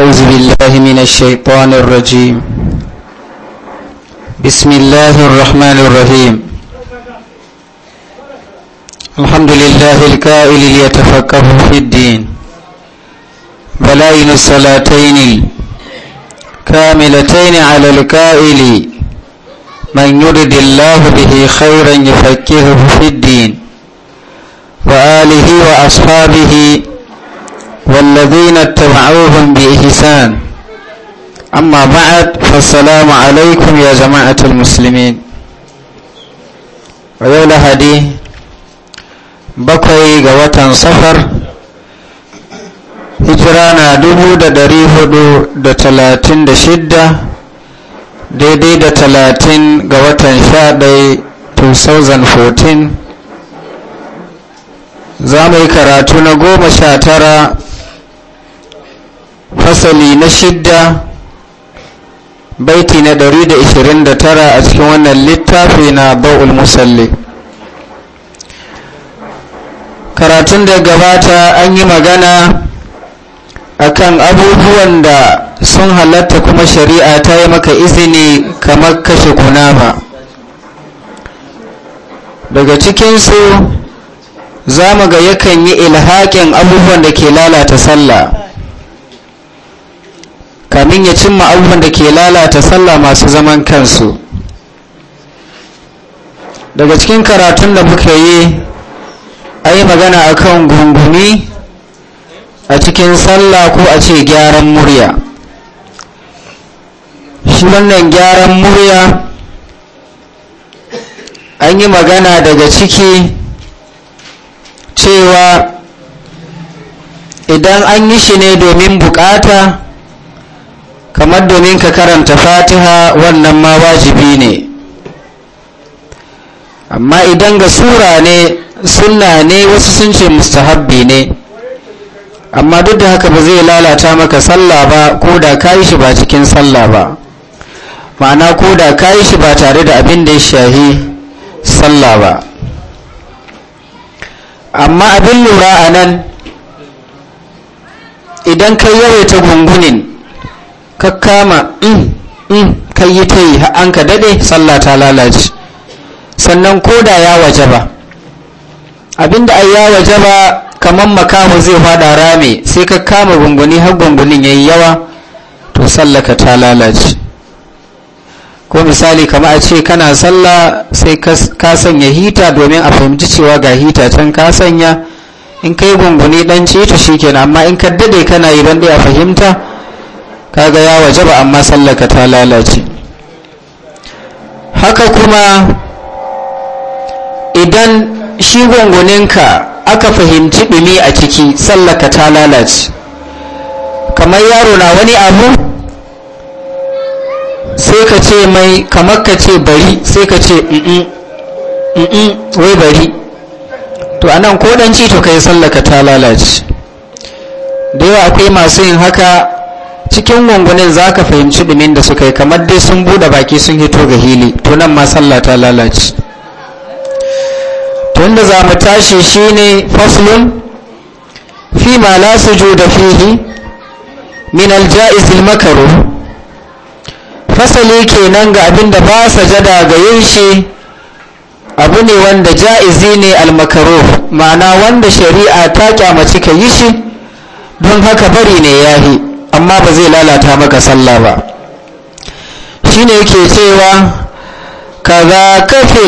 أعوذ بالله من الشيطان الرجيم بسم الله الرحمن الرحيم الحمد لله الكائل ليتفقه في الدين بلائن الصلاتين كاملتين على الكائل من يرد الله به خيرا يفكهه في الدين وآله وأصحابه والذين اتبعوهم بإحسان أما بعد فالسلام عليكم يا جماعة المسلمين ويولا هدي بقي قوتا صفر هجرانا dubu da dari hudu da talatin da shidda daidai da 2014 za mu yi karatu na goma sha tara fasali na shidda baiti na tara a cikin wannan littafi na ba'ul musalli karatun da gabata an yi magana akan abubuwan da sun halatta kuma shari'a ta yi maka izini kamar kashe kunama daga cikinsu za mu ga yakan yi ilhaƙin abubuwan da ke lalata sallah kamin ya cimma abubuwan da ke lalata sallah masu zaman kansu daga cikin karatun da muka yi a yi magana a kan gungumi a cikin sallah ko a ce gyaran murya shi wannan gyaran murya an yi magana daga ciki cewa idan an yi shi ne domin bukata kamar domin ka karanta fatiha wannan ma wajibi ne amma idan ga sura ne sunna ne wasu sun ce mustahabbi ne amma duk da haka ba zai lalata maka sallah ba ko da ka yi shi ba cikin sallah ba ma'ana ko da ka yi shi ba tare da abin da ya shahi sallah ba amma abin lura a nan idan ka yawaita gungunin ka kama in mm, in mm, ka yi ta yi an ka daɗe sallah ta lalace sannan ko da ya waje ba abinda ai ya waje ba kamar makamu zai fada rame sai ka kama gunguni har gungunin ya yi yawa to sallaka ta lalace ko misali kama a ce kana sallah sai ka sanya hita domin a fahimci cewa ga hita can ka sanya in kai gunguni dan ce ta shi kenan amma in ka dade kana yi ban a fahimta kaga ya wajaba amma sallaka ta lalace haka kuma idan shi gungunenka aka fahimci dumi a ciki sallaka ta lalace kamar yaro na wani abu sai ka ce mai kamar ka ce bari sai ka ce mm wai bari to anan ko dan ci to kai sallaka ta lalace da yawa akwai masu yin haka cikin gungunin za ka fahimci dumin da suka yi kamar dai sun buɗe baki sun hito ga hili tunan nan ma sallah ta lalace tun da za mu tashi shi ne faslun fi ma la sujuda fihi min aljaiz fasali kenan ga abin da ba sajada ga yin shi abu ne wanda ja'izi ne almakaru ma'ana wanda shari'a ta kyamaci ka yi shi don haka bari ne yahi amma ba zai lalata maka sallah ba Shi ne ke cewa Ka kaza kafil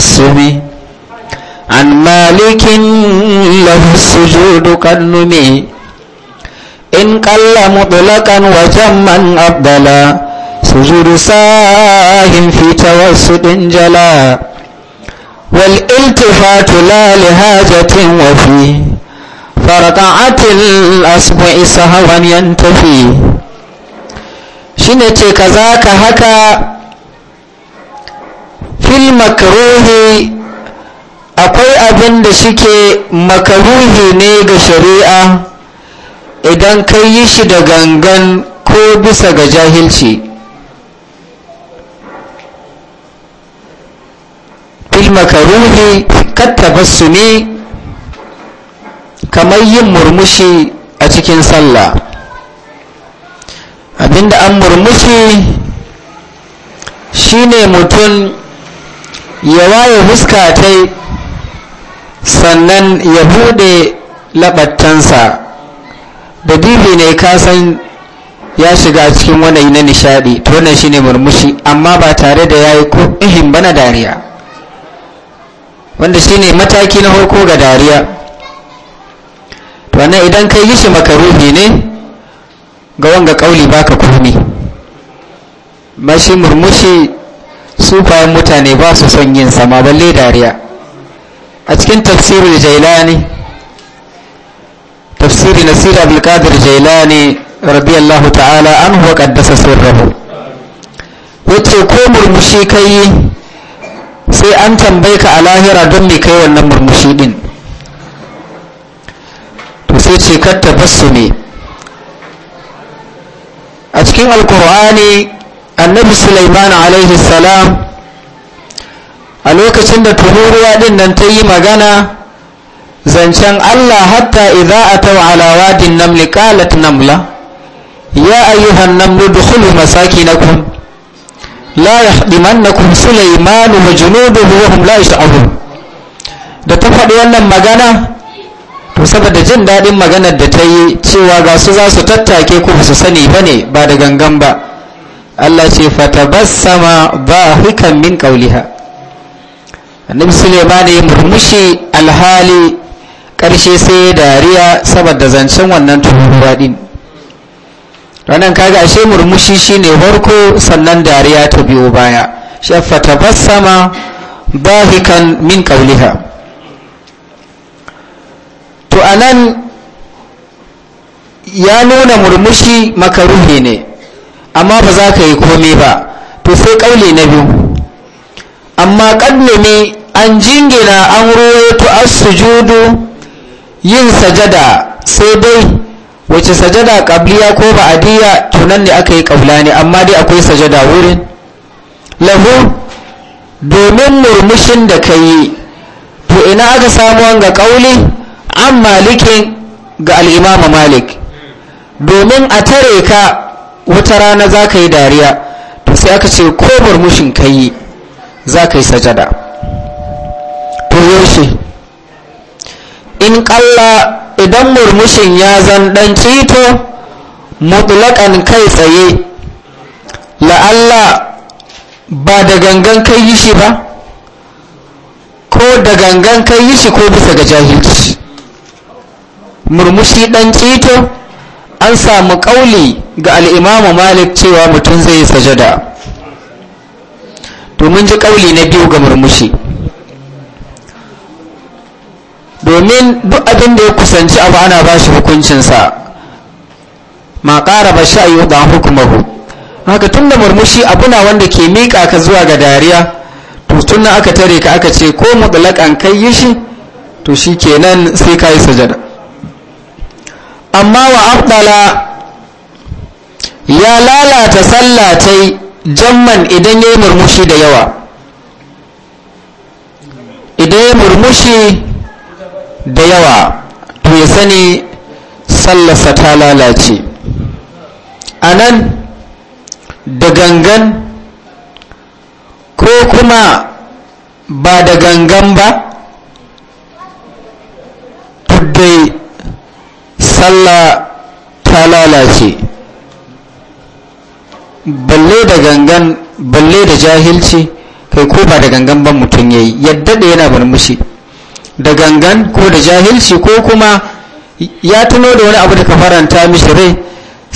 su bi an malikin lahu sujudu kannumi in ƙalla mutlaqan wajen man abdala su juru sahin fita wasu jala wal iltifatu la wafi wafi. فرقعت الأصبع سهوا ce kaza ka haka. fil makruhi akwai abin da shike makaruhi ne ga shari'a idan ka yi shi da gangan ko bisa ga jahilci fil makaruhi ne. kamar yin murmushi a cikin sallah abinda an murmushi shine mutum ya waye ta sannan ya bude labattansa da dibi ne kasan ya shiga cikin wani na nishadi to wannan shine murmushi amma ba tare da yayi ko ihin bana dariya wanda shine mataki na farko ga dariya wannan idan kai yi shi makaruhi ne ga wanga kauli baka komi mashi murmushi su sufayen mutane ba su son yin sama balle dariya a cikin tafsirin jailani tafsirin nasir ne jailani radiyallahu ta'ala an huwa kaddasa rabu yace ko murmushi kai sai an tambaye ka a lahira don me kai wannan murmushi din to sai ce kar ne. a cikin alkur'ani annabi sulaiman alaihi salam a lokacin da tururuwa din nan ta yi magana zancen allah hatta idza ataw ala wadin namli qalat namla ya ayyuhan namlu dukhulu masakinakum la yahdimannakum sulaiman wa junuduhu wa hum la yash'urun da ta faɗi wannan magana to saboda jin daɗin maganar da ta yi cewa ga su za su tattake ku su sani ba ne ba da gangan ba Allah ce sama ba hukan min qauliha annabi ya murmushi alhali ƙarshe sai ya dariya saboda zancen wannan tuhuwa din wannan kaga ashe murmushi shine farko sannan dariya ta biyo baya shi sama ba hukan min kauliha. to a nan ya nuna murmushi makaruhi ne amma ba za ka yi komai ba to sai ƙauli na biyu amma ƙadnumi an jingina an ruwaito as judu yin sajada sai dai wace sajada kabliya ko ba'adiyya tunan ne aka yi ne amma dai akwai sajada wurin lahu domin murmushin da ka yi to ina aka samu wanga kauli an malikin ga al'imama malik domin a tare ka wata rana za ka yi dariya to sai aka ce ko murmushin ka yi za ka yi sajada to yaushe in kalla idan murmushin ya zan dan cito mutlaƙan kai tsaye la'alla ba da gangan kai yi shi ba ko da gangan kai yi shi ko bisa ga jahilci murmushi dan cito an samu kauli ga al'imamu malik cewa mutum zai sajada domin ji kauli na biyu ga murmushi domin duk abin da ya kusanci abu ana ba shi hukuncinsa ma ƙara ba sha yi ɗan hukumahu haka tun da murmushi abuna wanda ke miƙa ka zuwa ga dariya to tun aka tare ka aka ce ko mutlaƙan kai yi shi to shi kenan sai ka yi sajada amma wa afdala ya lalata sallatai jamman idan ya yi murmushi da yawa idan ya murmushi da yawa to ya sani sallarsa ta lalace a nan da gangan ko kuma ba da gangan ba tuddai sallah ta lalace balle da gangan balle da jahilci kai ko ba da gangan ban mutum ya yi yadda da yana murmushi da gangan ko da jahilci ko kuma ya tuno da wani abu da ka faranta mishi rai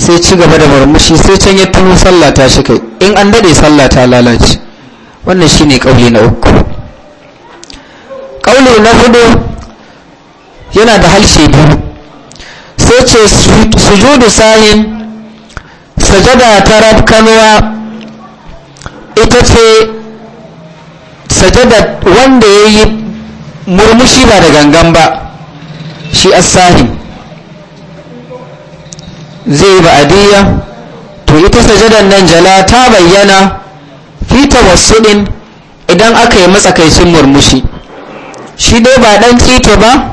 sai ci gaba da murmushi sai can ya tuno salla ta shi kai in an daɗe sallah ta lalace wannan shi ne ƙauli na uku ƙauli na hudu yana da halshe biyu ko ce sujudu sahin sajada ta rafkanuwa ita ce sajada wanda ya yi murmushi ba da gangan ba shi as-sahin zai yi ba'adiyya to ita sajada nan jala ta bayyana fi tawassudin idan aka yi matsakaicin murmushi shi dai ba dan tito ba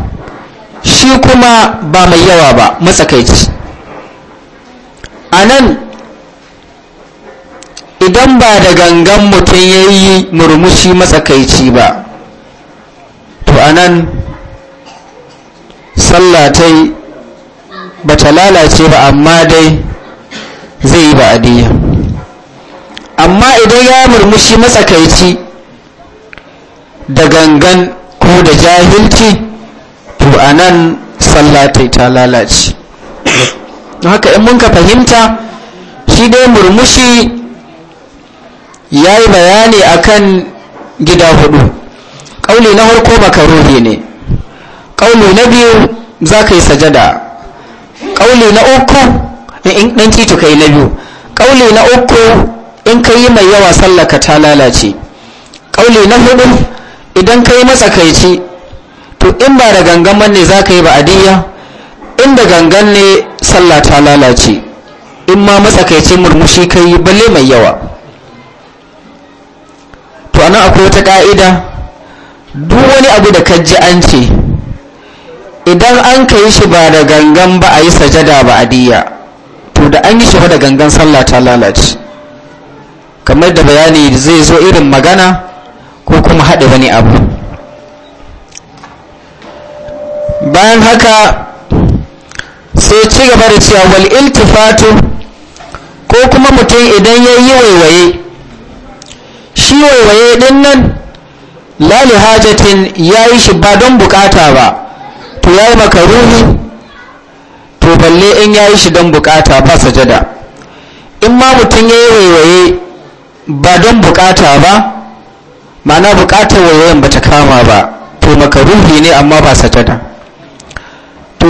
shi kuma ba mai yawa ba matsakaici a nan idan ba da gangan mutum ya yi murmushi matsakaici ba to a nan sallatai ba ta lalace ba amma dai zai yi ba ba'adiyya amma idan ya murmushi matsakaici da gangan ko da jahilci to a nan sallatai ta lalace haka in mun ka fahimta shi dai murmushi ya yi bayani kan gida hudu ƙauli na harko makaruhi ne ƙauli na biyu za ka yi sajada ƙauli na uku in ɗan titu ka yi na biyu ƙauli na uku in ka yi mai yawa sallaka ta lalace ƙauli na hudu idan ka yi matsakaici to in ba da gangan ne za ka yi ba'adiyya in da gangan ne sallah ta lalace in ma matsakaicin murmushi ka yi balle mai yawa to anan akwai wata ka'ida duk wani abu da ka ji an ce idan an ka yi shi ba da gangan ba a yi sajada ba'adiyya to da an yi shi da gangan sallah ta lalace kamar da bayani zai zo irin magana ko kuma haɗe wani abu bayan haka sai ci gaba da cewa wal iltifatu ko kuma mutum idan ya yi waiwaye shi waiwaye din nan lali hajjatin ya yi shi ba don bukata ba to ya yi makaruni to balle in ya yi shi don bukata ba sajada in ma mutum ya yi waiwaye ba don bukata ba ma'ana bukatar waiwayen ba ta kama ba to makaruni ne amma ba sajada to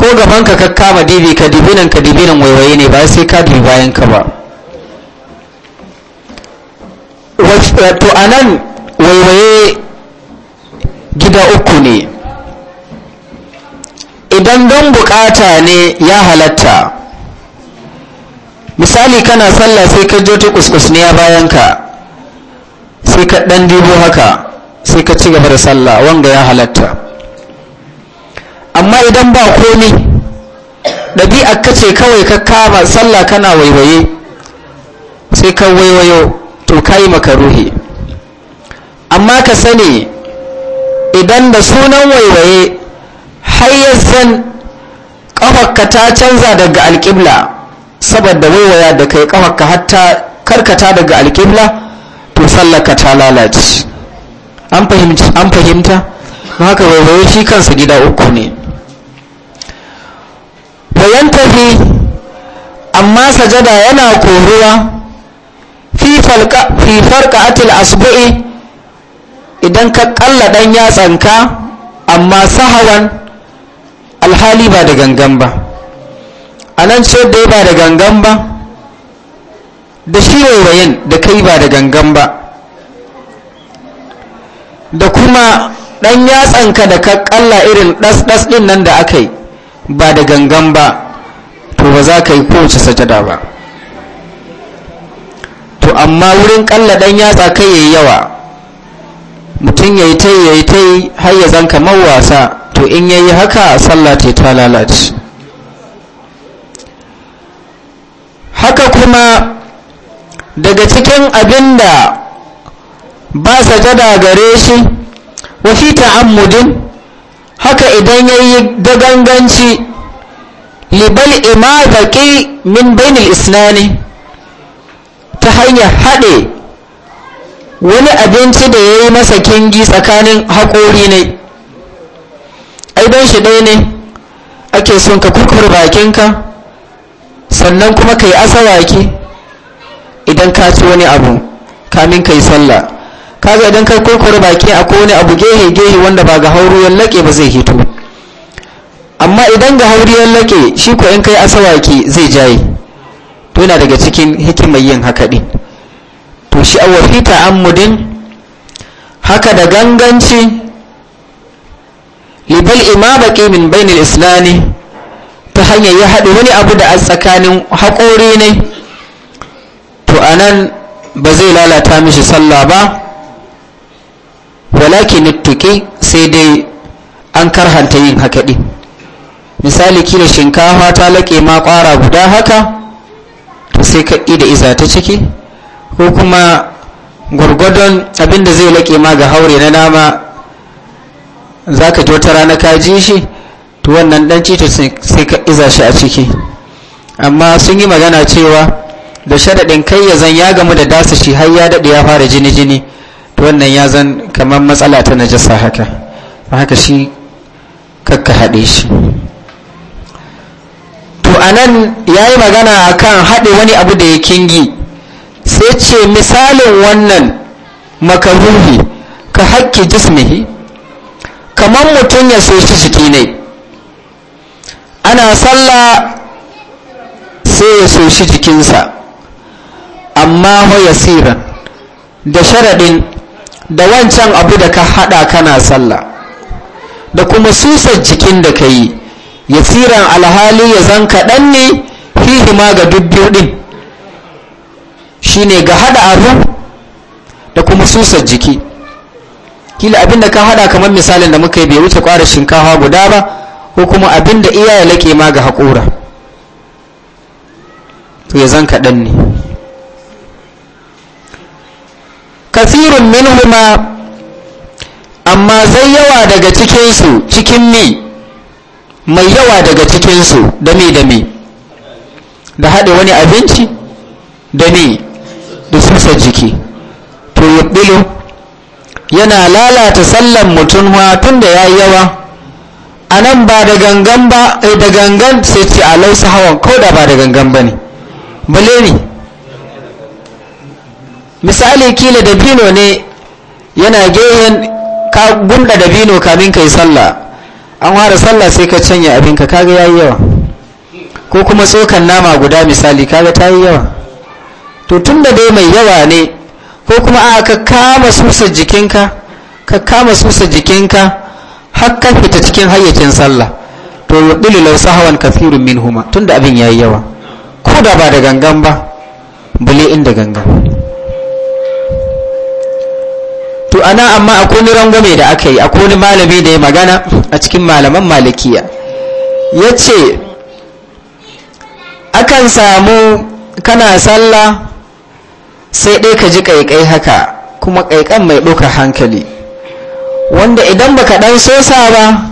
ko gaban ka kama dibi ka dibi ka dibi waiwaye ne ba sai ka dibi bayan ka ba to a waiwaye gida uku ne idan don bukata ne ya halatta misali kana sallah sai ka jota kuskusniya bayan ka sai ka dan dibo haka sai ka ci gaba da sallah wanga ya halatta amma idan ba komi ɗabi'ar ka ce kawai ka kama sallah kana waiwaye sai ka waiwayo to ka yi makaruhi amma ka sani idan da sunan waiwaye har yanzan ƙafarka ta canza daga alƙibla saboda waiwaya da kai ƙafarka hatta karkata daga alƙibla to sallaka ta lalace an fahimta haka waiwaye shi kansa gida uku ne tafi amma sajada yana koruwa fi farka'atil asbu'i idan ka kalla dan yatsanka amma sahawan alhali ba da gangan ba a nan ce da ba da gangan ba da shi waiwayen da kai ba da gangan ba da kuma ɗan yatsanka da ka ƙalla irin ɗas-ɗas ɗin nan da aka yi ba da gangan ba to ba za ka yi kowace sajada ba to amma wurin kalla dan yatsa kai yayi yawa mutum ya yi ta yi ya yi ta har ya zan kamar wasa to in ya yi haka sallah ce ta lalace haka kuma daga cikin abin da ba sajada gare shi fi ta'ammudin haka idan ya yi gaganganci libal imazaki min bainil isnani ta hanyar haɗe wani abinci da ya yi masa kingi tsakanin haƙori ne ai shi ɗaya ne ake son ka kukur bakinka sannan kuma ka yi asawaki idan ka ci wani abu kamin ka yi sallah kaga idan ka kurkure baki ko wani abu gehe gehe wanda ba ga hauru ya laƙe ba zai hito amma idan ga hauri ya laƙe shi ko in kai asawaki zai jaye to yana daga cikin hikimar yin haka din to shi awwa fi haka da ganganci libal ima baqi min bainil islani ta hanyar ya haɗu wani abu da a tsakanin haƙori ne to anan ba zai lalata mishi sallah ba walakin tuke sai dai an karhanta yin haka ɗin misali kila shinkafa ta laƙe ma ƙwara guda haka to sai ka da iza ta ciki ko kuma gwargwadon abinda zai laƙe ma ga haure na nama za ka wata rana ka ji shi to wannan ɗan cito sai ka iza shi a ciki amma sun yi magana cewa da sharaɗin kai ya zan ya gamu da dasa shi har ya daɗe ya fara jini-jini wannan ya zan kamar matsala ta najasa haka haka shi kakka haɗe shi to anan ya yi magana a kan haɗe wani abu da ya kingi sai ce misalin wannan makaruhi ka haƙƙi jismihi kamar mutum ya so shi jiki ne ana sallah sai ya so shi jikinsa amma hoya yasiran da sharaɗin da wancan abu da ka haɗa kana sallah da kuma susar jikin da ka yi ya tsiran alhali ya zan kaɗan ne ma ga dubbiyar ɗin shi ne ga haɗa abu da kuma susar jiki kila abin da ka haɗa kamar misalin da muka yi bai wuce ƙwarar shinkawa guda ba ko kuma abin da iya ya laƙe ma ga haƙura, to ya zan kaɗan ne kasirun minhuma amma zai yawa daga cikinsu cikin mi mai yawa daga cikinsu da mi da mi da haɗe wani abinci da mi da susa jiki to yubbilu yana lalata sallan mutum tun da ya yi yawa a nan ba da gangan ba eh, da gangan sai ce a lausa hawan ko da ba da gangan ba ne bale ne misali kila dabino ne yana gehen ka gunda dabino kamin ka yi sallah an ware sallah sai ka canya abinka kaga yayi yawa ko kuma tsokan nama guda misali kaga ta yi yawa to tun da dai mai yawa ne ko kuma a ka kama susar jikinka ka kama susar jikinka har ka fita cikin hayyacin sallah to yudilu law sahawan kathirun minhuma tunda abin yayi yawa ko da ba da gangan ba bule inda gangan to ana amma akwai rangwame da aka yi akwai wani malami da ya magana a cikin malaman malikiya ya ce akan samu kana sallah sai dai ka ji ƙaiƙai haka kuma ƙaiƙan mai ɗaukar hankali wanda idan baka ɗan sosa ba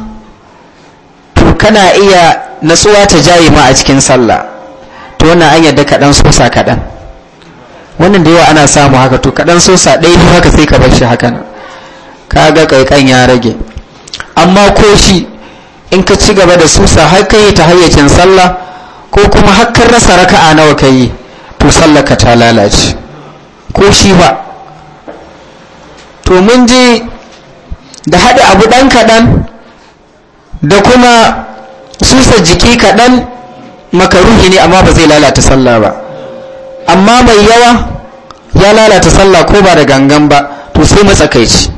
to kana iya nasuwa ta jayi ma a cikin sallah to wannan an yadda ka ɗan sosa kaɗan wannan da yawa ana samu haka to kaɗan sosa ɗaya ne haka sai ka bar shi haka nan kaga kaikan ya rage amma ko shi in ka ci gaba da susa har kai ta hayyacin sallah ko kuma har kan rasa raka'a nawa ka yi to sallah ka ta lalace ko shi ba to mun je da haɗe abu ɗan kaɗan da kuma susa jiki kaɗan makaruhi ne amma ba zai lalata sallah ba amma mai yawa ya lalata sallah ko ba da gangan ba to sai matsakaici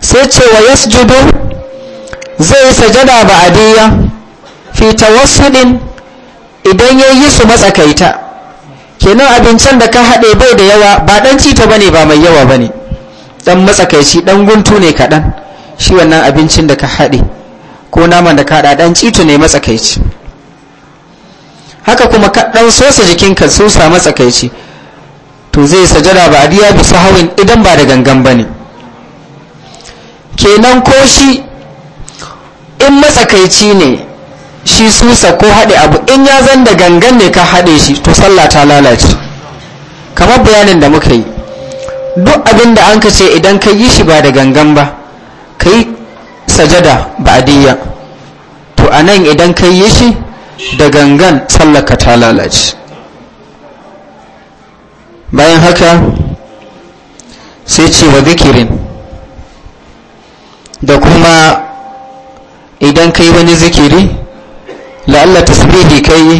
sai cewa yasjudu zai sajada ba ba'adiyya fi tawassudin idan ya yi su matsakaita kenan abincin da ka haɗe bai da yawa ba dan cito bane ba mai yawa bane ɗan matsakaici ɗan guntu ne kaɗan shi wannan abincin da ka haɗe ko naman da ka haɗa ɗan cito ne matsakaici haka kuma kaɗan sosa jikinka samu tsakaici to zai sajada ba adiya bisa hawin idan ba da gangan ba ne kenan ko shi in matsakaici ne shi susa ko haɗe abu in ya zan da gangan ne ka haɗe shi to sallah ta lalace kamar bayanin da muka yi duk abin da an ka ce idan ka yi shi ba da gangan ba ka yi sajada ba adiya to a nan idan ka yi shi da gangan sallaka ta lalace bayan haka sai ce wa zikirin da kuma idan ka yi wani zikiri la'alla tasbihi ka yi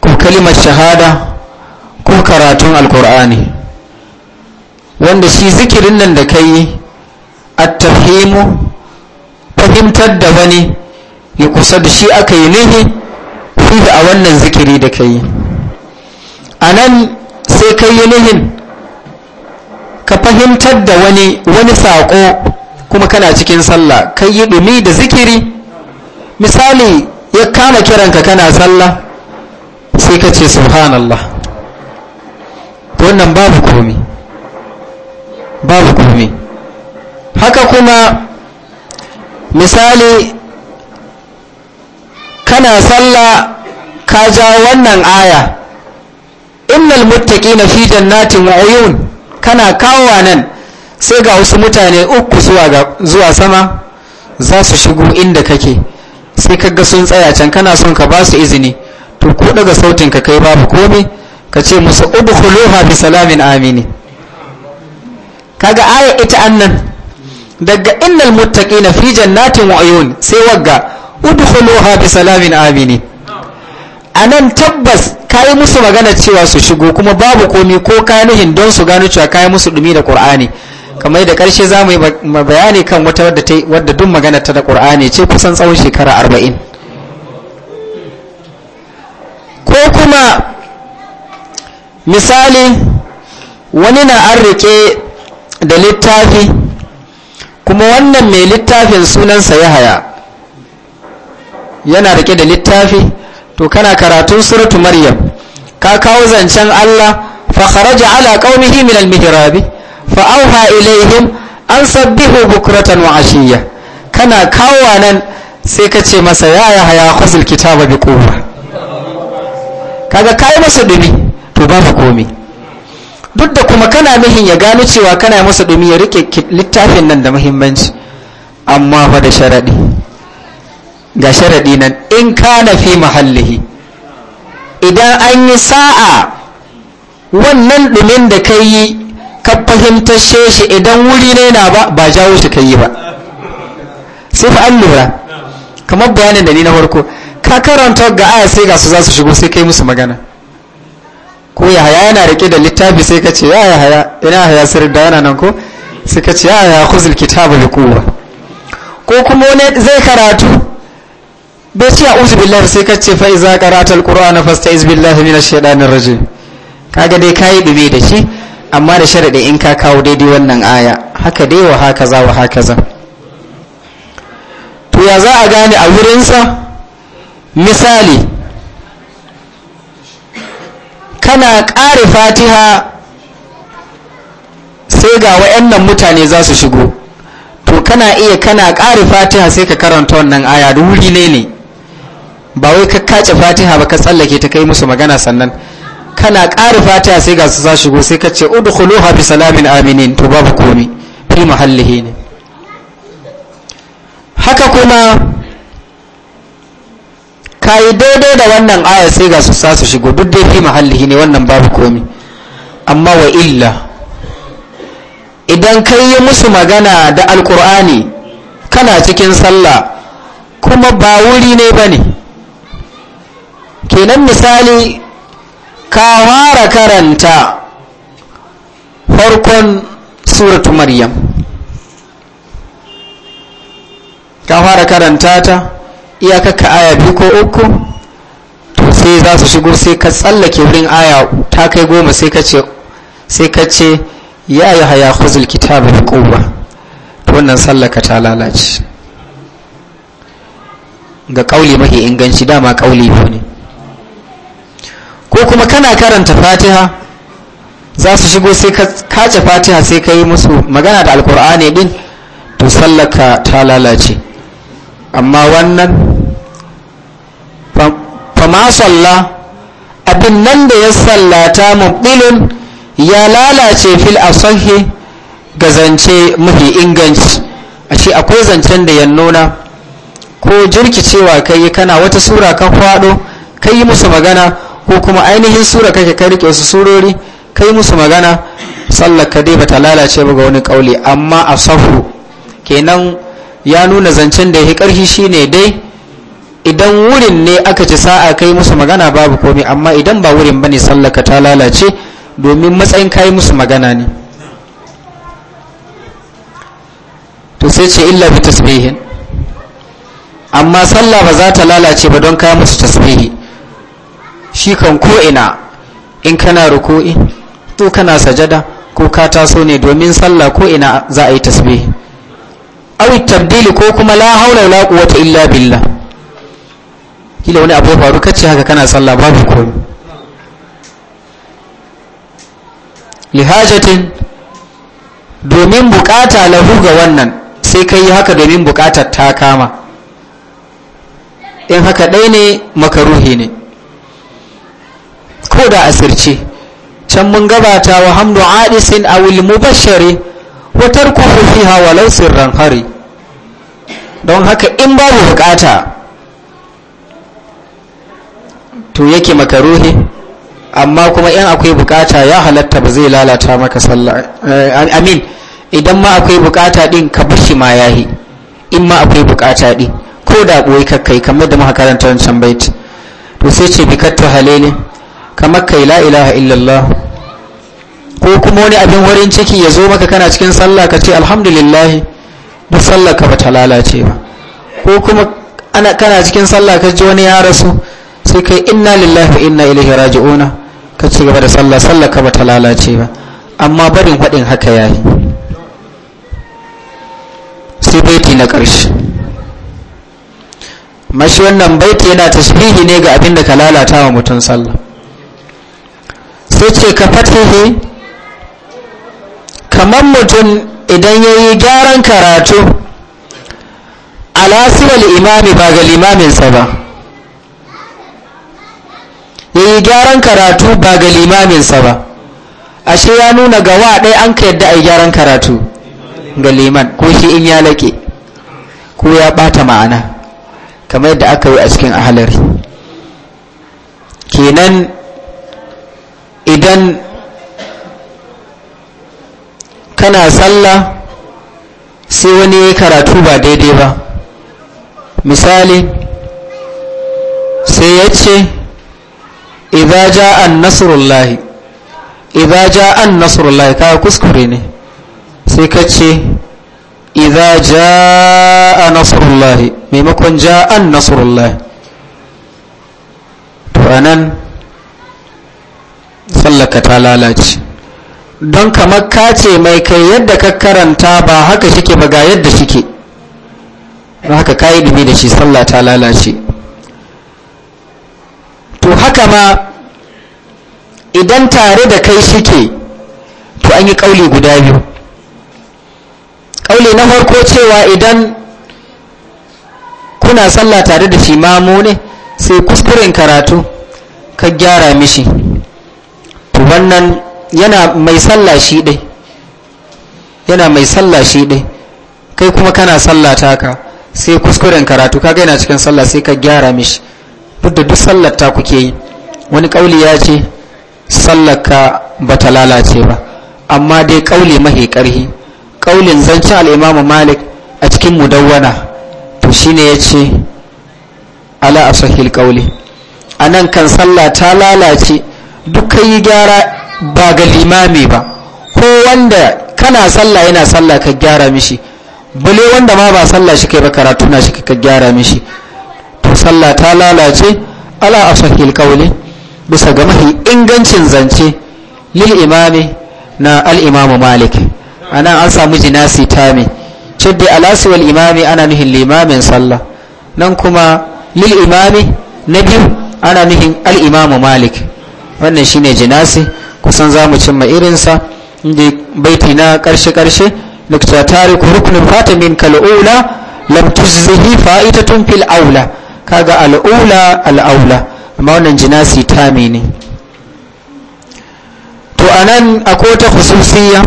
ko kalimar shahada ko karatun alkur'ani wanda shi zikirin nan da ka yi mu fahimtar da wani ya kusa da shi aka yi nihi fihi a wannan zikiri da kai nan sai ka yi nihin ka fahimtar da wani wani saƙo kuma kana cikin sallah ka yi ɗumi da zikiri misali ya kama kiranka kana sallah sai ka ce subhanallah wannan babu komi babu komi haka kuma misali kana sallah ka ja wannan aya innal muttaqina fi jannatin wa uyun kana kawowa nan sai ga wasu mutane uku zuwa ga zuwa sama za su shigo inda kake sai kaga sun tsaya can kana son ka ba su izini to ko daga sautin ka kai babu komai ka ce musu udkhuluha bi salamin amini kaga aya ita annan daga innal muttaqina fi jannatin wa uyun sai wagga udkhuluha bi salamin amini a nan tabbas ka yi musu magana cewa su shigo kuma babu komi ko kayan nuhin don su gano cewa ka yi musu dumi da ƙur'ani kamar da ƙarshe za mu yi bayani kan wata wadda duk magana ta da ƙur'ani ce kusan tsawon shekara arba'in ko kuma misali wani na an riƙe da littafi kuma wannan mai littafin sunansa ya haya yana riƙe da littafi to kana karatun suratu maryam ka kawo zancen Allah fa kharaja ala qaumihi min al-mihrab fa awha ilaihim an sabbihu bukratan wa ashiya kana kawo nan sai ka ce masa ya ya haya khusul kitaba bi quwwa kaga kai masa dumi to babu komi duk da kuma kana mihin ya gano cewa kana masa dumi ya rike littafin nan da muhimmanci amma fa da sharadi ga sharaɗi nan in kana fi mahallihi idan an yi sa'a wannan ɗumin da ka yi ka fahimtar shi idan wuri ne na ba ba jawo shi ka yi ba sai fa an lura kamar bayanin da ni na farko ka karanta ga aya sai ga su za su shigo sai kai musu magana ko ya haya yana rike da littafi sai ka ce ya haya ina haya sirri da yana nan ko sai ka ce ya haya khuzul kitabu da kowa ko kuma wani zai karatu bai ce a'udhu billahi sai kace fa iza qara'tal qur'ana fasta'iz billahi minash shaitanir rajim kaga dai kai dume da shi amma da sharadi in ka kawo daidai wannan aya haka dai wa haka za wa haka za to ya za a gane a wurin sa misali kana ƙare fatiha sai ga waɗannan mutane za su shigo to kana iya kana ƙare fatiha sai ka karanta wannan aya da wuri ne ne ba wai ka kace fatiha ba ka tsallake ta kai musu magana sannan kana ƙara fatiha sai ga su za shigo sai ka ce udkhuluha bi salamin aminin to babu komi fi mahallihi ne haka kuma kayi daidai da wannan aya sai ga su sa su shigo duk dai fi mahallihi ne wannan babu komi amma wa illa idan kai yi musu magana da alkur'ani kana cikin sallah kuma ba wuri ne ba ne kenan misali ka fara karanta farkon suratu maryam ka fara karanta ta iyakakka aya biyu ko uku to sai za su shigo sai ka tsallake wurin aya ta kai goma sai ka ce ya yi haya huzul kitabu da kowa wannan sallaka ta lalace ga kauli mafi inganci dama kauli ne ko kuma kana karanta fatiha za su shigo sai ka kace fatiha sai ka yi musu magana da alkur'ani din to sallaka ta lalace amma wannan fama salla abin nan da ya sallata mubbilun ya lalace fil asahi ga zance mafi inganci a ce akwai zancen da ya nuna ko cewa kai kana wata sura ka faɗo kai yi musu magana ko kuma ainihin sura kake kai rike wasu surori kai musu magana sallar ka dai bata lalace ba ga wani kauli amma a sahu kenan ya nuna zancen da ya karfi shine dai idan wurin ne aka ci sa'a kai musu magana babu komai amma idan ba wurin bane sallar ka ta lalace domin matsayin kai musu magana ne to sai ce illa bi tasbihin amma sallah ba za ta lalace ba don kai musu tasbihi shi kan ko'ina in kana ruku'i to kana sajada ko ka taso ne domin sallah ko'ina za a yi tasbih awi tabdili ko kuma la haula wala quwwata illa billah kila wani abu faru kace haka kana sallah babu komai lihajatin domin bukata lahu ga wannan sai kai haka domin bukatar ta kama in haka dai ne makaruhi ne ko da asirce can mun gabata wa hamdu adisin awil mubashshari watar tarku fiha walau sirran hari don haka in babu bukata to yake makaruhi amma kuma in akwai bukata ya halatta ba zai lalata maka sallah eh, amin idan ma akwai bukata din ka bashi ma yahi in ma akwai bukata din ko da kuwa kakkai kamar da muka karanta wancan baiti to sai ce bi kattu halene kamar kai la ilaha illallah ko kuma wani abin wurin ciki ya zo maka kana cikin sallah ka ce alhamdulillah duk sallah ka bata lalace ba ko kuma ana kana cikin sallah ka ji wani ya rasu sai kai inna lillahi wa inna ilaihi raji'una ka ci gaba da sallah sallah ka bata lalace ba amma barin fadin haka yayi sai baiti na ƙarshe mashi wannan baiti yana tashbihi ne ga abin da ka lalata wa mutum sallah sai ce ka fatihi kamar mutum idan ya yi gyaran karatu alasirar imami ba ga limaminsa ba ya yi gyaran karatu ba ga limaminsa ba ashe ya nuna ga wa ɗaya an ka yadda a yi gyaran karatu ga liman ko shi in ya laƙe ko ya ɓata ma'ana kamar yadda aka yi a cikin ahalari kenan idan kana sallah sai wani ya karatu ba daidai ba misali sai ya ce idha an nasrullahi idha an nasrullahi ka kuskure ne sai ka ce idha an nasrullahi maimakon ja an nasrullahi to anan sallaka ta lalace don kamar ka ce mai kai yadda ka karanta ba haka shike ba ga yadda shike ba haka ka yi dubi da shi sallah ta lalace to haka ma idan tare da kai shike to an yi ƙauli guda biyu ƙauli na farko cewa idan kuna sallah tare da shi mamu ne sai kuskuren karatu ka gyara mishi to wannan yana mai sallah shi ɗai yana mai sallah shi ɗai kai kuma kana sallah ka sai kuskuren karatu kaga yana cikin sallah sai ka gyara mishi duk da duk sallar ta kuke yi wani kauli ya ce sallar ka ba ta lalace ba amma dai kauli mahi karhi kaulin zancen al'imamu malik a cikin mudawwana to shi ne ya ce ala sahil kauli a nan kan sallah ta lalace duk yi gyara ba ga limami ba ko wanda kana sallah yana sallah ka gyara mishi bale wanda ma ba sallah shi kai ba karatu na shi ka gyara mishi to sallah ta lalace ala asahil qawli bisa ga mahi ingancin zance lil imami na al imam malik ana an samu jinasi tami shaddi alasi wal imami ana nuhin limamin sallah nan kuma lil imami na biyu ana nuhin al imam malik wannan shine jinasi kusan za mu cimma irinsa inda baiti na karshe-karshe nukta tarik rukunin fatamin kal'ula lam tuzzihi fa'itatun fil aula kaga al'ula al'aula amma wannan jinasi ta ne to anan akwai ta khususiyya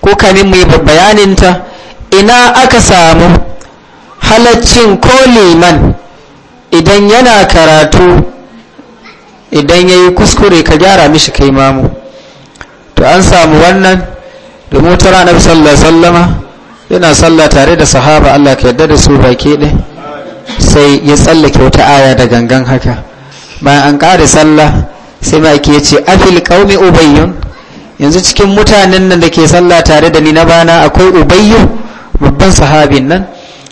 ko kamin mu yi bayaninta ina aka samu halaccin ko liman idan yana karatu idan ya yi kuskure ka gyara mishi kai mamu to an samu wannan da motar na sallah sallama yana sallah tare da sahaba Allah ka yadda da su baki ɗin sai ya tsallake wata aya da gangan haka bayan an kare sallah sai baki yace ce afil qaumi ubayyun yanzu cikin mutanen nan da ke sallah tare da ni na bana akwai ubayyu babban sahabin nan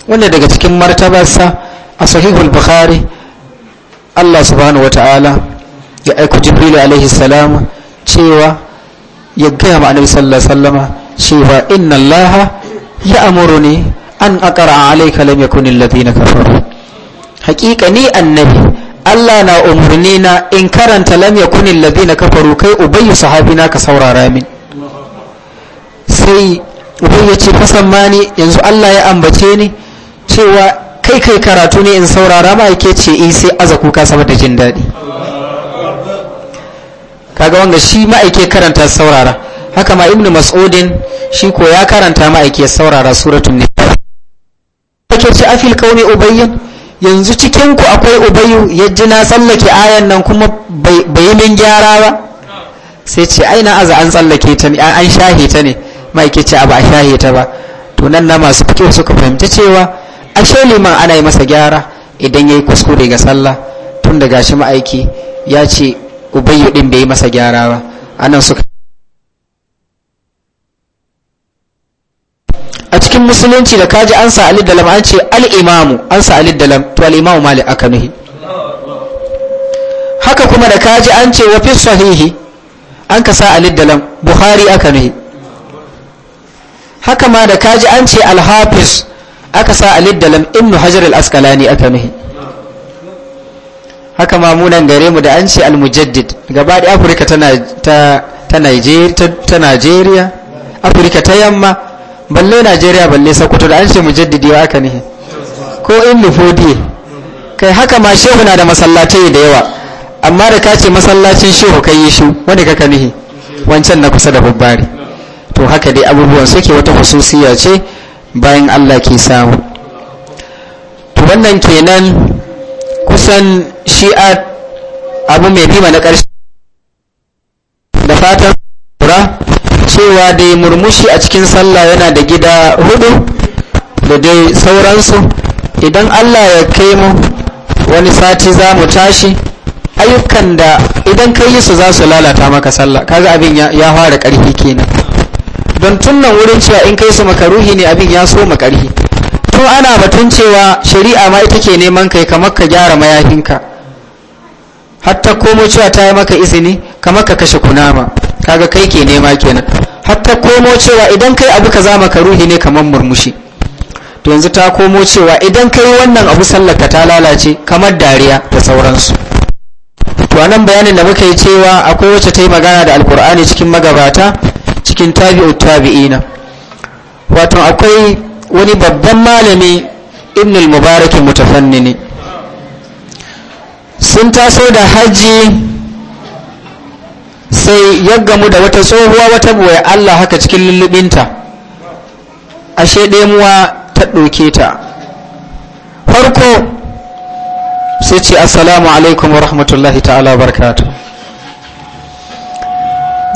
wanda daga cikin martabarsa a sahihul bukhari Allah subhanahu ta'ala. ya aiko jibrilu alaihi salam cewa ya gaya ma annabi sallallahu alaihi wasallam cewa inna allaha ya amuruni an akara alayka lam yakun alladhina kafaru haqiqa ni annabi Allah na umurni na in karanta lam yakun alladhina kafaru kai ubayyu sahabina ka saurara min sai ya ce fasammani yanzu Allah ya ambace ni cewa kai kai karatu ne in saurara ma yake ce in eh, sai azaku ka sama da jin daɗi kaga wanga shi ma'aike karanta saurara haka ma ibnu mas'udin shi ko ya karanta ma'aike saurara suratul nisa take ce afil kauni ubayyin yanzu cikin ku akwai ubayyu yaji na tsallake ayan nan kuma bai min gyara ba sai ce aina aza an tsallake ta ne an shahe ta ne ma'aike ce abu a shahe ta ba to nan na masu fike suka fahimta cewa ashe liman ana yi masa gyara idan yayi kuskure ga sallah tun da gashi ma'aiki ya ce ubayyu din bai masa gyara ba anan suka a cikin musulunci da kaji an sa alid dalam an ce al-imamu an sa alid dalam to al-imamu malik aka nuhi haka kuma da kaji an ce wa fi sahihi an ka sa alid dalam bukhari aka nuhi haka ma da kaji an ce al-hafiz aka sa alid dalam ibnu hajar al-asqalani aka nuhi haka ma munan gare mu da an ce al-mujaddid gaba da afirka ta nigeria afirka ta yamma balle nigeria balle sokoto da an ce mujaddidi wa aka nihi ko in lufodiye kai haka ma shehu na da masallatai da yawa amma da ka ce masallacin shehu kai yi shi wani kaka nihi wancan na kusa da babbari to haka dai abubuwan suke wata hususiya ce bayan allah ke samu to wannan kenan kusan shi'a abu mai bima na ƙarshe da fatan kura cewa dai murmushi a cikin sallah yana da gida hudu da dai sauransu idan allah ya kai mu wani sati za mu tashi ayyukan da idan ka yi su za su lalata maka sallah kaga abin ya fara ƙarfi kenan don tunan wurin cewa in kai su makaruhi ne abin ya so makarhi tun ana batun cewa shari'a ma ita ke neman kai kamar ka gyara mayafinka hatta komo cewa ta yi maka izini kamar ka kashe kunama kaga kai ke nema kenan hatta komo cewa idan kai abu ka zama ka ruhi ne kamar murmushi to yanzu ta komo cewa idan kai wannan abu sallaka ta lalace kamar dariya da sauransu to anan bayanin da muka yi cewa akwai wacce ta yi magana da alkur'ani cikin magabata cikin tabi'ut tabi'ina wato akwai wani babban malami ibnul mubarakin mutafannini sun taso da hajji sai ya gamu da wata tsohuwa wata ya Allah haka cikin lullubinta ashe ɗemuwa ta ɗauke ta farko sai ce assalamu alaikum wa rahmatullahi ta'ala barkatu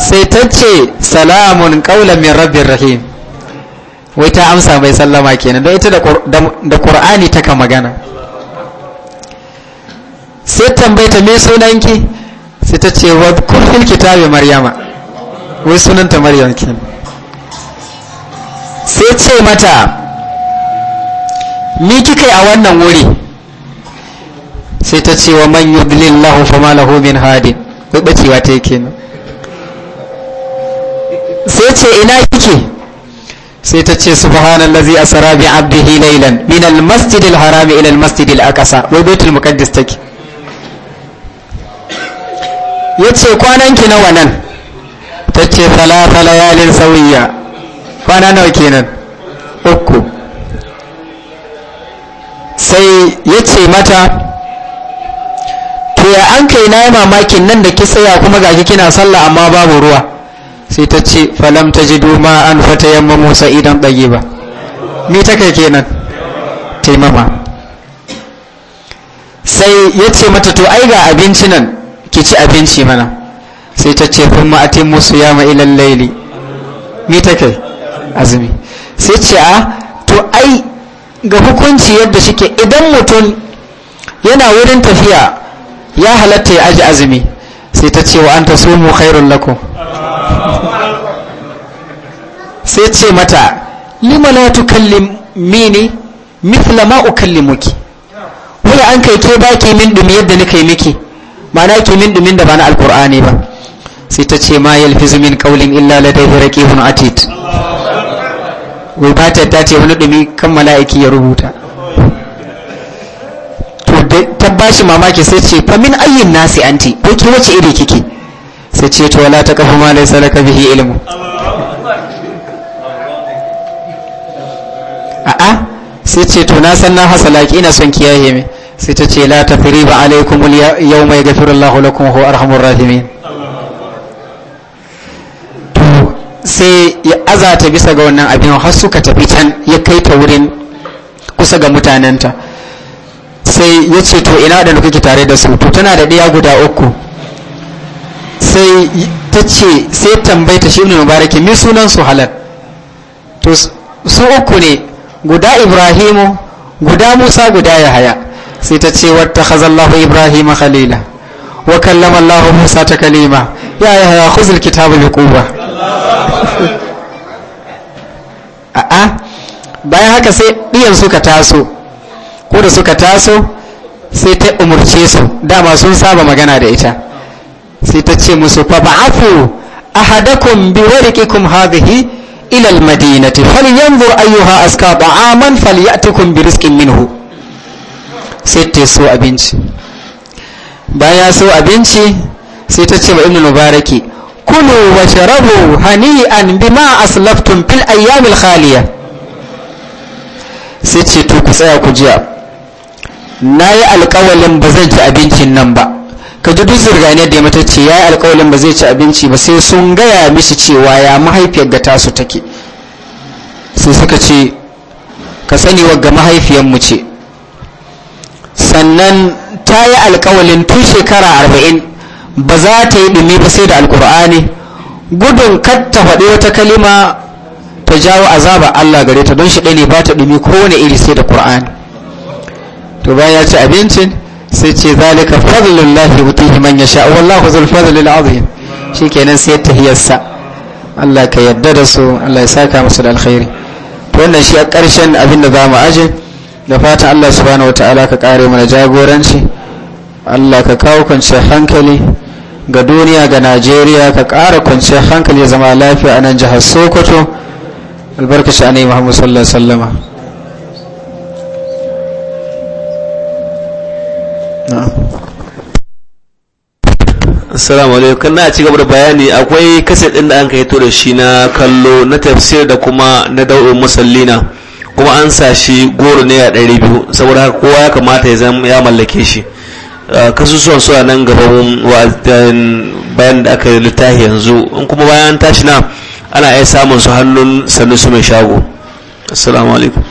sai ta ce salamun ƙaunar min rabin rahim wai ta amsa mai sallama kenan don ita da ƙur'ani ta kan magana sai tambayta me sunanki sai ta ce wa kurfin kitabe maryama wai sunanta maryam kenan sai ce mata ni kika a wannan wuri sai ta ce wa man yudlil lahu fama lahu min hadin wai bacewa ta yake nan sai ce ina kike sai ta ce subhanallazi asra bi abdihi laylan min almasjid alharam ila almasjid alaqsa wai baitul muqaddas take yace kwanan ki nawa nan tace thalatha layalin sawiya kwana nawa kenan uku sai yace mata to ya an kai na mamakin nan da ki ya kuma gaki kina sallah amma babu ruwa sai ta ce falam ta ji duma an fata yamma musa idan ɗage ba ni ta kai kenan taimama sai ya ce mata to ai ga abinci nan ki ci abinci mana sai ta ce kun ma'atin musu ya ma'ilan laili ni ta kai azumi sai ce a ah, to ai ga hukunci yadda shike idan mutum yana wurin tafiya ya halatta ya aji azumi sai ta ce wa an ta so mu khairun lakum sai ce mata lima la mini mithla ma ukallimuki wai an kai ke ba ki min dumi yadda nake miki ma'ana ki min dumin da ba na alqur'ani ba sai ta ce ma yalfizu min qawlin illa ladayhi raqibun atid wai ba ta ta ce wani dumi kan mala'iki ya rubuta to ta bashi mamaki sai ce fa min ayyin nasi anti ko ki wace iri kike sai ce to wala ta kafa ma laysa laka bihi ilmu a'a sai ce to na san na hasala ki ina son kiyaye mai sai ta ce la ba alaikum yawma yaghfiru Allahu lakum wa arhamur rahimin to sai ya azata bisa ga wannan abin har suka tafi can ya kai ta wurin kusa ga mutanenta sai ya ce to ina da kuke tare da su to tana da ɗaya guda uku sai ta ce sai tambayta shi ibn mubarak mi sunan su halal to su uku ne guda ibrahimu guda musa guda yahaya sai ta ce wata khazallahu Ibrahimu khalila wa kallama allahu musa ta kalima ya yahaya khuzul kitabul hukuba a'a bayan haka sai ɗiyan suka taso ko da suka taso sai ta umurce su dama sun saba magana da ita sai ta ce musu fa ba'afu ahadakum bi warqikum hadhihi ila almadinati falyanzur ayyuha aska ta'aman falyatikum birizqin minhu sai ta so abinci bayan so abinci sai ta ce wa ibnu mubaraki kulu wa sharabu hani'an bima aslaftum fil ayyamil khaliya sai ce to ku tsaya ku jiya na yi alkawalin ba zan ci abincin nan ba ka ji duk zirganiyar da ya mata ce ya yi alkawalin ba zai ci abinci ba sai sun gaya mishi cewa ya mahaifiyar ga tasu take sai suka ce ka sani wa mahaifiyar mahaifiyarmu ce sannan ta yi alkawalin tun shekara arba'in ba za ta yi dumi ba sai da alkur'ani gudun kar ta faɗi wata kalima ta jawo azaba allah gare ta don shi ɗaya ne ba ta ɗumi kowane iri sai da kur'ani to bayan ya ci abincin sai ce zalika fadlul lahi yutihi man yasha wallahu zul shi azim shikenan sai tahiyarsa Allah ka yarda da su Allah ya saka musu da alkhairi to wannan shi a ƙarshen abin da zamu aje da fatan Allah subhanahu wataala ka kare mana jagoranci Allah ka kawo kwanciyar hankali ga duniya ga Najeriya ka ƙara kwanciyar hankali zama lafiya a nan jihar Sokoto albarkaci annabi Muhammad sallallahu alaihi wasallama assalamu alaikum na ci gaba da bayani akwai kaset ɗin da an kai to da shi na kallo na tafsir da kuma na dau'in musallina kuma an sa shi goro ne a 200 saboda haka kowa ya kamata ya zama ya mallake shi kasusuwan suna nan wa'azin bayan da aka yi littafi yanzu in kuma bayan tashi na ana iya samun su hannun sannu su mai shago assalamu alaikum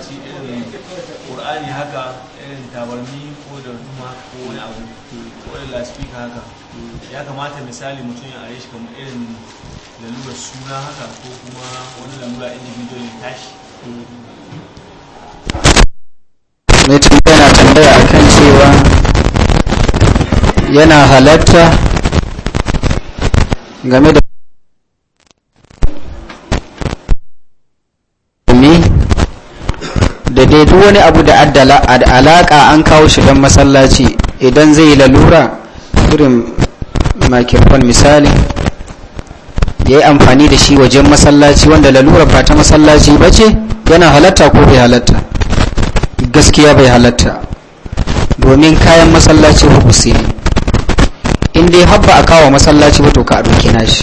masallaci irin ƙur'ani haka irin tabarmi ko da duma ko wani abu ko da laspika haka ya kamata misali mutum ya are shi kamar irin lalura suna haka ko kuma wani lalura individual ya tashi mai tambaya tambaya akan cewa yana halatta game da dai duk wani abu da alaka an kawo shi dan masallaci idan zai lalura irin makirfan misali ya yi amfani da shi wajen masallaci wanda lalura ba ta masallaci ba ce yana halatta ko bai halatta gaskiya bai halatta domin kayan masallaci hukusi ne in dai habba a kawo masallaci ba to ka a nashi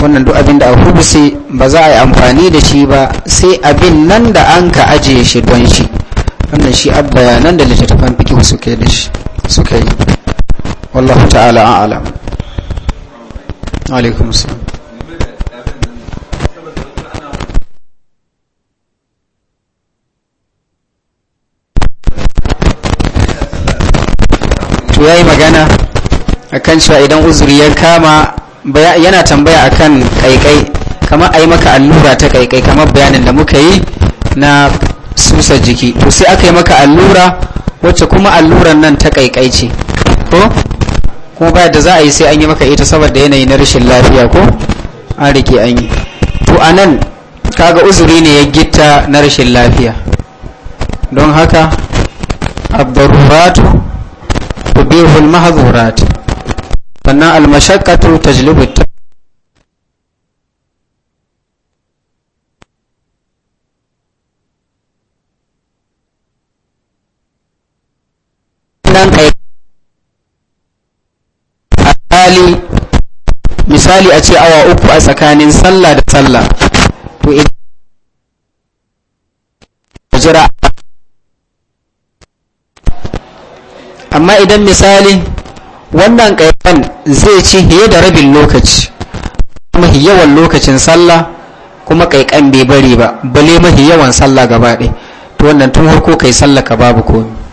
wannan duk abin da a sai. ba za a yi amfani da shi ba sai abin nan da an ka ajiye shi don shi wannan shi bayanan da littattafan fikin suke da shi suke yi wallahu ta'ala a'alam alaikum salam to yi magana a kan cewa idan uzuri ya kama yana tambaya akan kaikai kamar a yi maka allura ta kaikai kamar bayanin da muka yi na susa jiki to sai aka yi maka allura wacce kuma alluran nan ta kaikai ce ko kuma ba da za a yi sai an yi maka ita saboda yanayi na rashin lafiya ko an rike an yi to a nan kaga uzuri ne ya gitta na rashin lafiya don haka abdurratu tubihul mahzurat sannan almashaqqatu tajlibu misali misali a ce awa uku a tsakanin sallah da sallah to idan jira amma idan misali wannan ƙaiƙan zai ci fiye da rabin lokaci mahi yawan lokacin sallah kuma ƙaiƙan bai bari ba bale mahi yawan sallah gaba ɗaya to wannan tun harko kai sallah ka babu komi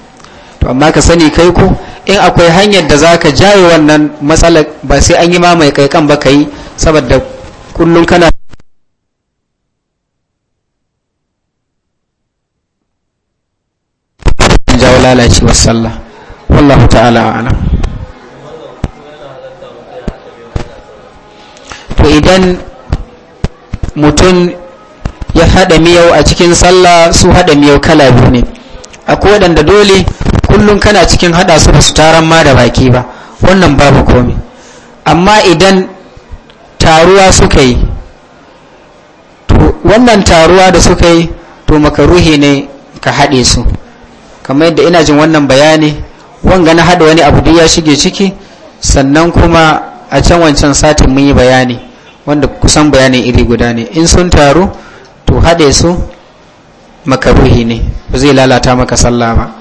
to amma ka sani kai ko in akwai hanyar da zaka jaye wannan matsalar ba sai an yi ma mai kaikan ba kai saboda kullum kana jawo lalacewar sallah wallahu ta'ala alam to idan mutum ya haɗa miyau a cikin sallah su haɗa miyau kala biyu ne akwai waɗanda dole kullum kana cikin hada su basu taron ma da baki ba wannan babu komi amma idan taruwa suka yi to wannan taruwa da suka yi to makaruhi ne ka haɗe su kamar yadda ina jin wannan bayani wanga na haɗa wani abu ya shige ciki sannan kuma a can wancan satin mun yi bayani wanda kusan bayanin iri guda ne in sun taru to haɗe su makaruhi ne ba zai lalata maka sallah ba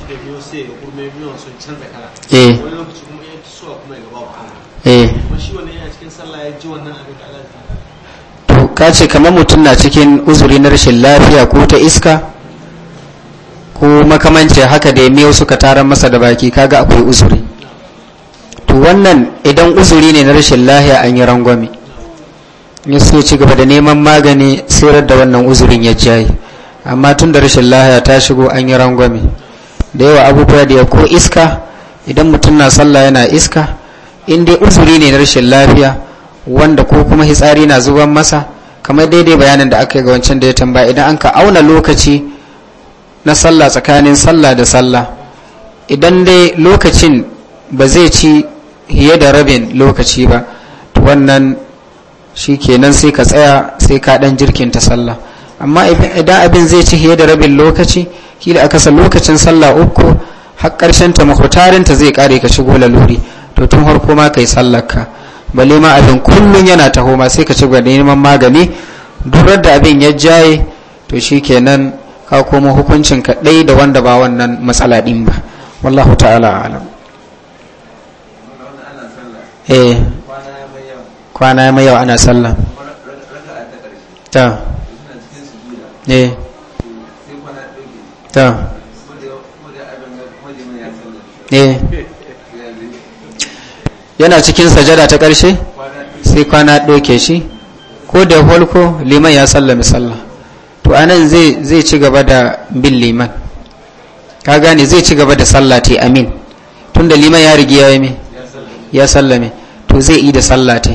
canza eh. eh. kala to ka ce kamar mutum na cikin uzuri na rashin lafiya ko ta iska ko makamanci haka da miyau suka tarar masa da baki kaga akwai uzuri to wannan idan uzuri ne na rashin lahiya an yi rangwame ya so ci gaba da neman magani sirar da wannan uzurin ya jaye amma tun da rashin lahiya ta shigo an yi rangwame da yawa abubuwa da ya ko iska idan mutum na sallah yana iska in dai uzuri ne na rashin lafiya wanda ko kuma hitsari na zuban masa kamar daidai bayanin da aka yi ga wancan da ya tambaya idan an ka auna lokaci na sallah tsakanin sallah da sallah idan dai lokacin ba zai ci fiye da rabin lokaci ba wannan shi kenan sai ka tsaya sai ka dan jirkinta sallah amma idan abin zai ci fiye da rabin lokaci kila a kasa lokacin sallah uku har karshen ta mahutarin ta zai kare ka shigo laluri to tun harko ma kai sallar ka balle ma abin kullun yana taho ma sai ka ci gaba neman magani durar da abin ya jaye to shikenan ka koma hukuncin ka dai da wanda ba wannan matsala din ba wallahu ta'ala alam eh kwana mai yau ana sallah ta Eh. Eh. yana cikin sajada ta ƙarshe sai kwana ɗoke shi ko da holko liman ya sallami sallah to anan zai ci gaba da bin liman ka gane zai ci gaba da sallati amin tunda liman ya rigi ya sallame to zai yi da sallati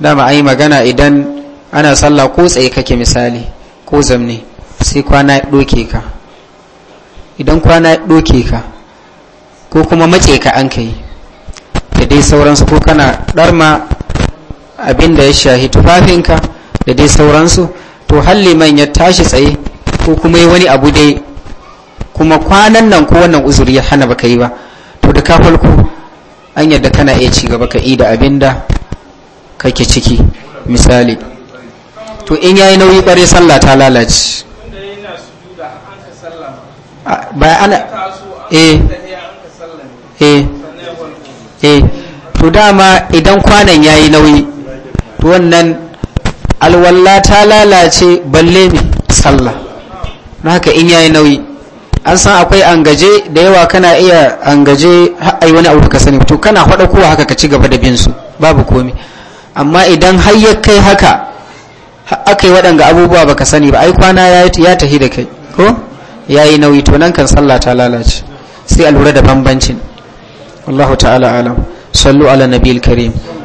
dama a yi magana idan ana sallah ko tsaye kake misali ko zamne sai kwana ya ɗoke ka idan kwana ya ɗoke ka ko kuma mace ka an kai da dai sauransu ko kana ɗarma abin da ya shahi tufafinka da dai sauransu to man ya tashi tsaye ko kuma yi wani abu dai kuma kwanan nan ko wannan uzuri ya hana baka yi ba to da ka an yadda kana iya ci gaba ka ida da abin da kake ciki misali to in yayi nauyi kware sallah ta lalace ba ana eh eh eh to dama idan kwanan yayi nauyi to wannan alwalla ta lalace balle ne sallah na haka in yayi nauyi an san akwai angaje da yawa kana iya angaje ai wani abu ka sani to kana faɗa kowa haka ka ci gaba da bin su babu komi amma idan har ya kai haka aka yi waɗanga abubuwa baka sani ba ai kwana ya tahi da kai ko ya yi nauyi to nan kan sallah ta lalace sai a lura da bambancin wallahu ta'ala alam sallu ala nabiyil karim